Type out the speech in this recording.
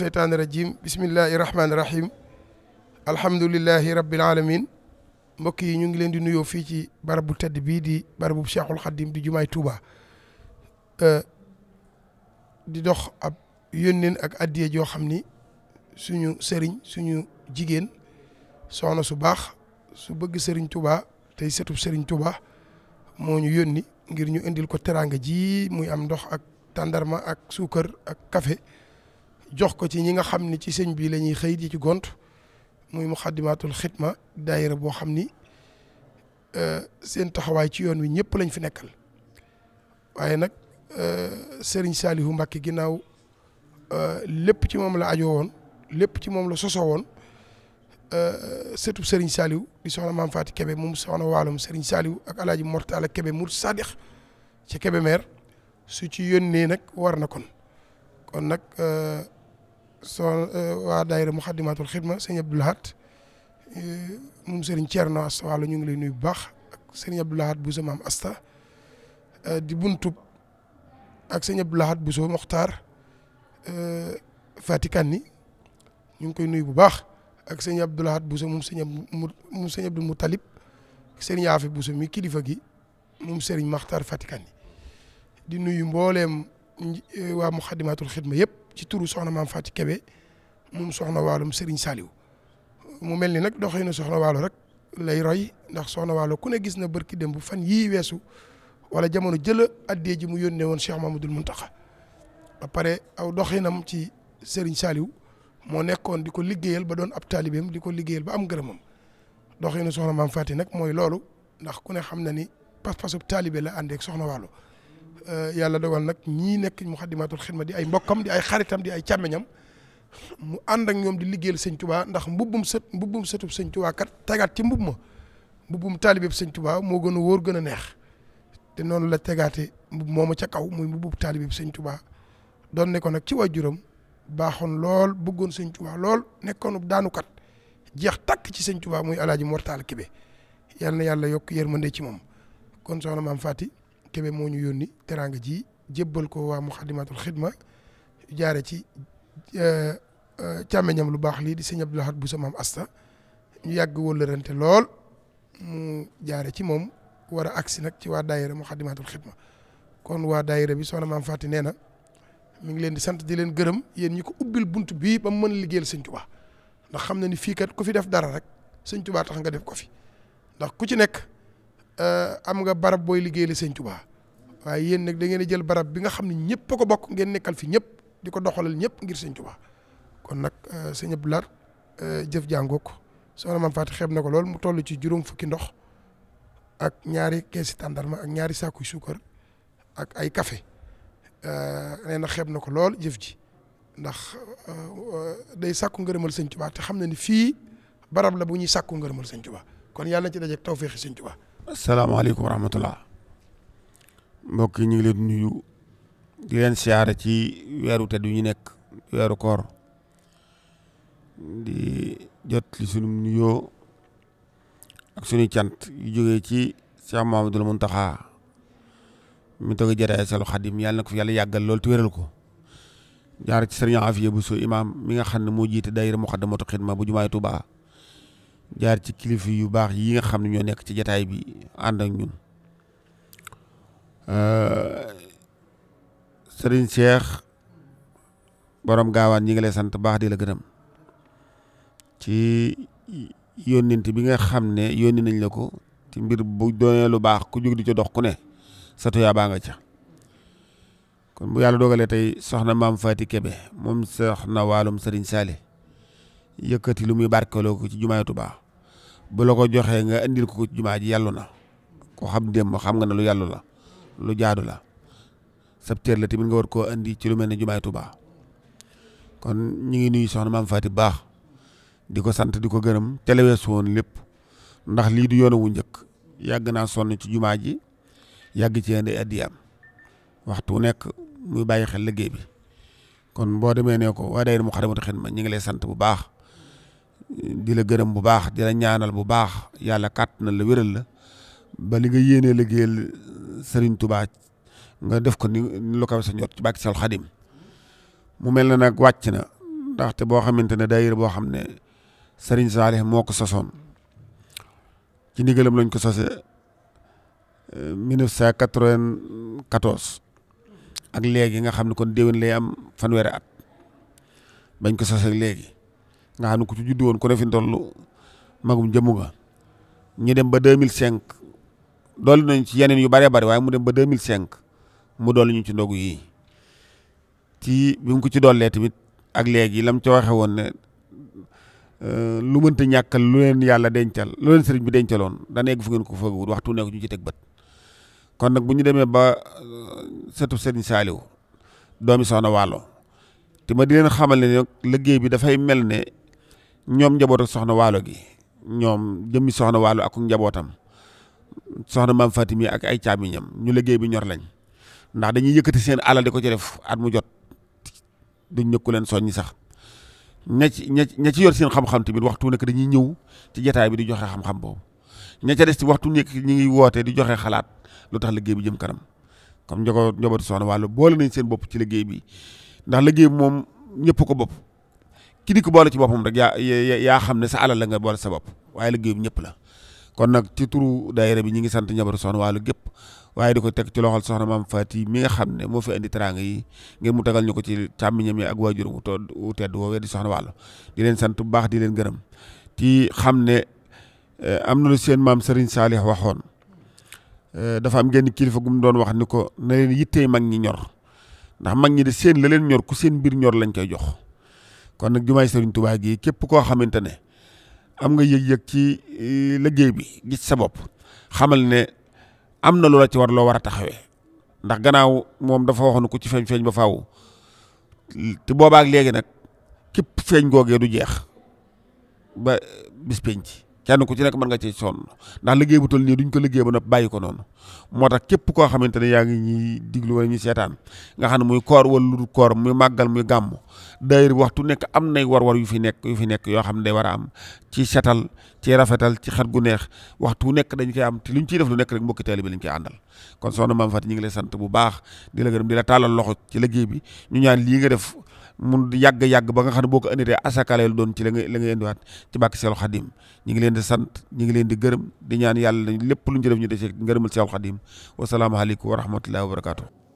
seytaani rajim bismillahi rahmaani rahim alhamdulilahi rabbil alamin mbokk yi ñu ngi leen di nuyoo fii ci barabu tedd bii di barabu Cheikhul Khadim di jumaay Touba di dox ab yónneen ak addiye joo xam ni suñu sëriñ suñu jigéen soxna su baax su bëgg sëriñ Touba tey setub sëriñ Touba moo ñu yónni ngir ñu indil ko teraanga ji muy am ndox ak tàndarma ak suukar ak café jox ko ci ñi nga xam ni ci sëñ bi lañuy ñuy xëy di ci gont muy muxaddimaatul xidma daayira boo xam ni euh, seen taxawaay ci yoon wi ñëpp lañ fi nekkal waaye nag euh, sëriñ Saalihu Mbàkke ginnaaw euh, lépp ci moom la ajo lépp ci moom la sosoo woon sëtub sëriñ Saalihu di soxna maam Faati Kebe moom soxna waalum sëriñ Saalihu ak alaaji Mortala Kebe mu sadix ci Kebe meer su ci yónnee nag war na kon kon nag soxna eh, waa daayira Muxaddamatul Xidma sëñ Abdoul Ahad eh, moom sëriñ Thierno Asta Walo ñu ngi lay nuyu bu baax ak sëriñ Abdoul Ahad Bousso maam Asta eh, di buntub ak sëñ Abdoul Ahad Bousso Mokhtar Fatikani ñu ngi koy nuyu bu baax ak sëñ Abdoul Ahad Bousso moom sëñ moom sëñ Abdou mi kilifa gi moom sëriñ Mokhtar Fatikani di nuyu mbooleem. Eh, waa Muxaddamatul Xidma yëpp ci turu soxna maam Fatou Kébé moom soxna waalum Serigne Saliou mu mel ni nag doxee na soxna waalo rek lay roy ndax soxna waalo ku ne gis na bërki dem bu fan yii weesu wala jamono jëla addee ji mu yónnee woon Cheikh Mamadul Muntaxa ba pare aw doxinam ci Serigne Saliou moo nekkoon di ko liggéeyal ba doon ab taalibeem di ko liggéeyal ba am gërëmam doxinu soxna maam Fatou nag mooy loolu ndax ku ne xam na ni pas-pasub taalibe la àndeek soxna waalo Euh, yàlla dogal nag ñii nekk Muxaddamatul Xidma di ay mbokkam di ay xaritam di ay càmmeñam mu ànd ak ñoom di liggéeyal sëñ ndax mbubbum sët mbubbum sëtub sëñ Tuubaa kat tegaat ci mbub ma mbubbum taalibeeb sëñ Tuubaa moo gën a wóor gën a neex te noonu la tegaate mbub mooma ca kaw muy mbubbub taalibeeb sëñ Tuubaa doon ne ko nag ci waajuram baaxoon lool bëggoon sëñ Tuubaa lool nekkoon daanukat jeex takk ci sëñ muy muy alaaji Mortaal Kebe yal na yàlla yokk yërmande ci moom kon Kébé moo ñu yónni teraanga ji jébbal ko waa Muxaddamatul Xidma jaare ci euh, euh, càmmeñam lu baax lii di sëñ Abdou Lahad bu sa maam ñu yàgg wëllërante lool mu jaare ci moom war a nag ci waa daayira Muxaddamatul Xidma kon waa daayira bi soxna maam Faty nee na mu ngi leen di sant di leen gërëm yéen ñi ko ubbil bunt bii ba mu mën a liggéeyal sëñ Tuubaa ndax xam na ni fii kat ku fi def dara rek sëñ Tuubaa tax nga def ko fi ndax ku ci nekk. Euh, am nga barab booy liggéeyal sëñ Tuubaa waaye yéen nag da ngeen jël barab bi nga xam ne ñëpp a ko bokk ngeen nekkal fi ñëpp di ko doxalal ñëpp ngir sëñ Tuubaa kon nag euh, sëñ Abdou euh, jëf jàngoo ko soxna Maam Faati na ko lool mu toll ci juróom fukki ndox ak ñaari keesi tàndarma ak ñaari saaku suukar ak ay café nee na xeeb na ko lool jëf ji ndax day sàkku ngërëmal sëñ Tuubaa te xam na ni fii barab la bu ñuy sàkku ngërëmal sëñ Tuubaa kon yàlla na ci dajeeg tawféexi sëñ Tuubaa asalaamaaleykum wa rahmatullah mbokk yi ñu ngi leen nuyu di leen siyaare ci weeru tedd yu ñu nekk weeru koor di jot li sunu nuyoo ak sunuy cant yu jógee ci Cheikh Mamadou Mountakha mi toog jataay Sal Xadim yàlla na ko fi yàlla lool te wéral ko jaar ci sëriñ Afiya bu so imaam mi nga xam ne moo jiite daayira Muxaddamatul Xidma bu jumaay Tuubaa jaar ci kilifa yu baax yii nga xam ne ñoo nekk ci jataay bi ànd ak ñun euh, sëriñ Cheikh boroom gaawaan ñi ngi lay sant baax di la gërëm ci yónnent bi nga xam ne yónni nañ la ko ci mbir bu doonee lu baax ku jóg di ci dox ku ne sa tuyaa baa nga ca kon bu yàlla doogalee tey soxna maam Faati Kebe moom soxna waalum sëriñ saale yëkkati lu muy barkeloo ko ci jumaay Tuubaa bu la ko joxee nga indil ko ci jumaa ji yàllu na ko xam démb xam nga na lu yàllu la lu jaadu la sab teer la tamit nga war ko indi ci lu mel ne jumaay Tuubaa kon ñu ngi nuyu soxna maam Faati baax di ko sant di ko gërëm teleweesu woon lépp ndax lii du yoon wu njëkk yàgg naa sonn ci jumaa ji yàgg ci indi am waxtu wu nekk muy bàyyi xel liggéey bi kon boo demee ne ko waa day mu xadamatu xen ma ñu ngi sant bu baax di la gërëm bu baax di la ñaanal bu baax yàlla kàtt na la wéral la ba li nga yéenee liggéeyal Serigne Touba nga def ko ni lu ko sa njot ci bàkki sal xadim mu mel na nag wàcc na ndaxte boo xamante ne daayira boo xam ne Serigne Saalih moo ko sosoon ci ndigalam lañ ko sose 1994 eh, ak léegi nga xam ne kon déwén lay am fanweeri at bañ ko sose léegi nga xam ne ku ci juddu woon ku ne fi toll magum jëmm nga ñu dem ba 2005 dolli nañ ci yeneen yu bëree bëri waaye mu dem ba 2005 mu dolli ñu ci ndogu yii ci bi mu ko ci dollee tamit ak léegi lam ca waxe woon ne euh, lu mënta ñàkkal lu leen yàlla dencal lu leen sëriñ bi dencaloon dana egg fu ngeen ko fëgguwut waxtu nekk ñu ci teg bët kon nag bu ñu demee ba euh, setu sëriñ Saaliw doomi soxna Waalo te ma di leen xamal ne nag liggéey bi dafay mel ne ñoom njabootu soxna waalo gi ñoom jëmmi soxna waalo ak njabootam soxna maam Fatimi ak ay caamiñam ñu liggéey bi ñor lañ ndax dañuy yëkkati seen alal di ko ci def at mu jot duñ ñëkku leen soññi sax ña ci ña ci yor seen xam-xam tamit waxtu nekk dañuy ñëw ci jataay bi di joxe xam-xam boobu ña ca des ci waxtu nekk ñu ngi wootee di joxe xalaat lu tax liggéey bi jëm kanam comme njabootu soxna waalo boole nañ seen bopp ci liggéey bi ndax liggéey bi moom ñëpp ko bopp. ki di boole ci boppam rek yaa yaa xam ne sa alal la nga boole sa bopp waaye liggéeyum ñëpp la kon nag ti turu daayira bi ñu ngi sant ñabaru soxna wàllu gépp waaye di ko teg ci loxol soxna faa ti mi nga xam ne moo fi indi teraanga yi ngir mu tagal ñu ko ci càmmiñam yi ak waajuram wu tedd woowee di soxna wàllu di leen sant bu baax di leen gërëm ci xam ne eh, am na lu seen maam Serigne Saalix waxoon eh, dafa am genn kilifa gum doon wax ni ko na leen yittee mag ñi ñor ndax mag ñi de seen la leen ñor ku seen mbir ñor lañ koy jox kon nag jumaay Serigne Touba gi képp koo xamante ne am nga yëg-yëg ci eh, liggéey bi gis sa bopp xamal ne am na loola ci war loo war a taxawee ndax gannaaw moom dafa waxoon ku ci feeñ feeñ ba faw te boobaak léegi nag képp feeñ googee du jeex ba eh, bis penc kenn ku ci nekk mën nga ci sonn ndax liggéey bu toll nii duñ ko liggéey ba noppi bàyyi ko noonu moo tax képp koo xamante ne yaa ngi ñuy diglu wala ñuy seetaan nga xam ne muy koor wala lu dul koor muy màggal muy gàmm daayir waxtu nekk am nay war-war yu fi nekk yu fi nekk yoo xam ne day war a am ci setal ci rafetal ci xet gu neex waxtu nekk dañ koy am te ñu ciy def lu nekk rek mbokki taalibe lañ koy àndal kon soxna Maam Faty ñu ngi lay sant bu baax di la gërëm di la loxo ci liggéey bi def mun di yàgg-yàgg ba nga xam ne boo ko inditee asakaleelu doon ci la nga la nga indiwaat ci bàkk Seexul Xadim ñi leen di sant ñi ngi leen di gërëm di ñaan yàlla lépp lu ñu ci def ñu def ci ngërëmal Seexul Xadim wasalaamaaleykum wa rahmatullahi wa barakaatu